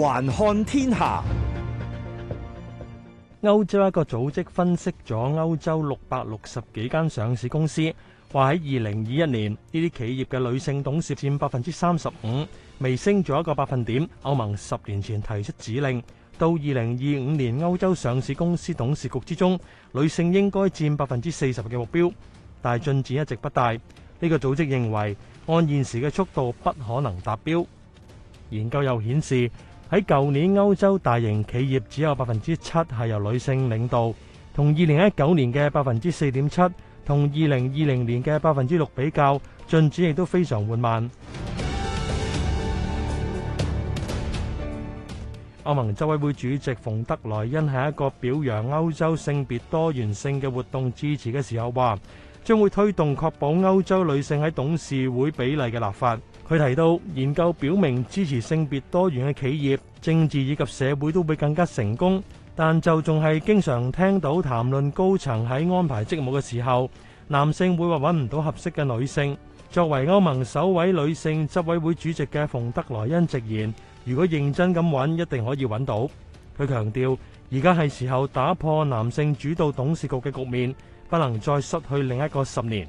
環看天下，歐洲一個組織分析咗歐洲六百六十幾間上市公司，話喺二零二一年呢啲企業嘅女性董事佔百分之三十五，微升咗一個百分點。歐盟十年前提出指令，到二零二五年歐洲上市公司董事局之中，女性應該佔百分之四十嘅目標，但係進展一直不大。呢、這個組織認為，按現時嘅速度，不可能達標。研究又顯示，喺舊年，歐洲大型企業只有百分之七係由女性領導，同二零一九年嘅百分之四點七，同二零二零年嘅百分之六比較，進展亦都非常緩慢。歐盟執委會主席馮德萊恩喺一個表揚歐洲性別多元性嘅活動支持嘅時候話，將會推動確保歐洲女性喺董事會比例嘅立法。佢提到，研究表明支持性別多元嘅企業、政治以及社會都會更加成功，但就仲係經常聽到談論高層喺安排職務嘅時候，男性會話揾唔到合適嘅女性。作為歐盟首位女性執委會主席嘅馮德萊恩直言，如果認真咁揾，一定可以揾到。佢強調，而家係時候打破男性主導董事局嘅局面，不能再失去另一個十年。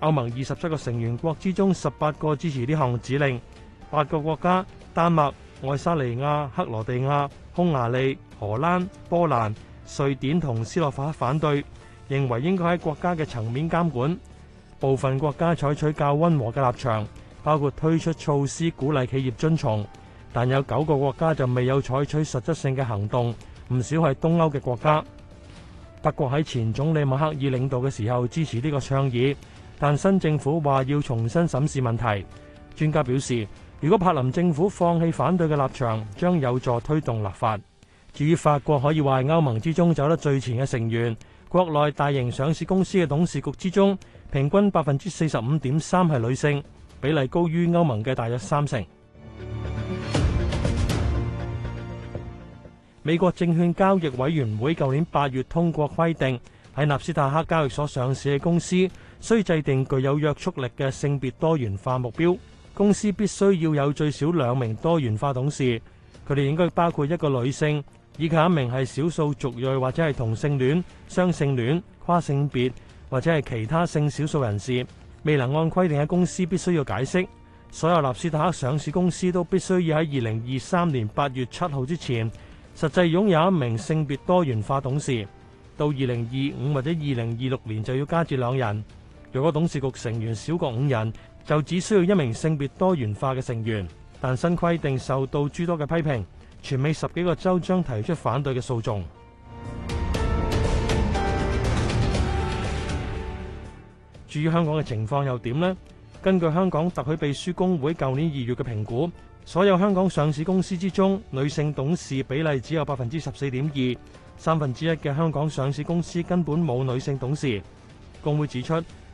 歐盟二十七個成員國之中，十八個支持呢項指令，八個國家：丹麥、愛沙尼亞、克羅地亞、匈牙利、荷蘭、波蘭、瑞典同斯洛伐克反對，認為應該喺國家嘅層面監管。部分國家採取較温和嘅立場，包括推出措施鼓勵企業遵從，但有九個國家就未有採取實質性嘅行動。唔少係東歐嘅國家，德國喺前總理默克爾領導嘅時候支持呢個倡議。但新政府話要重新審視問題。專家表示，如果柏林政府放棄反對嘅立場，將有助推動立法。至於法國，可以話係歐盟之中走得最前嘅成員。國內大型上市公司嘅董事局之中，平均百分之四十五點三係女性，比例高於歐盟嘅大約三成。美國證券交易委員會舊年八月通過規定，喺納斯達克交易所上市嘅公司，需制定具有約束力嘅性別多元化目標。公司必須要有最少兩名多元化董事，佢哋應該包括一個女性，以及一名係少數族裔或者係同性戀雙性戀跨性別或者係其他性少數人士。未能按規定嘅公司必須要解釋。所有納斯達克上市公司都必須要在2023年8月7號之前實際擁有一名性別多元化董事，到2025或者2026年就要加至兩人。若果董事局成員少過五人，就只需要一名性別多元化嘅成員，但新規定受到諸多嘅批評，全美十幾個州將提出反對嘅訴訟。至於香港嘅情況又點呢？根據香港特許秘書公會舊年二月嘅評估，所有香港上市公司之中，女性董事比例只有百分之十四點二，三分之一嘅香港上市公司根本冇女性董事。公會指出，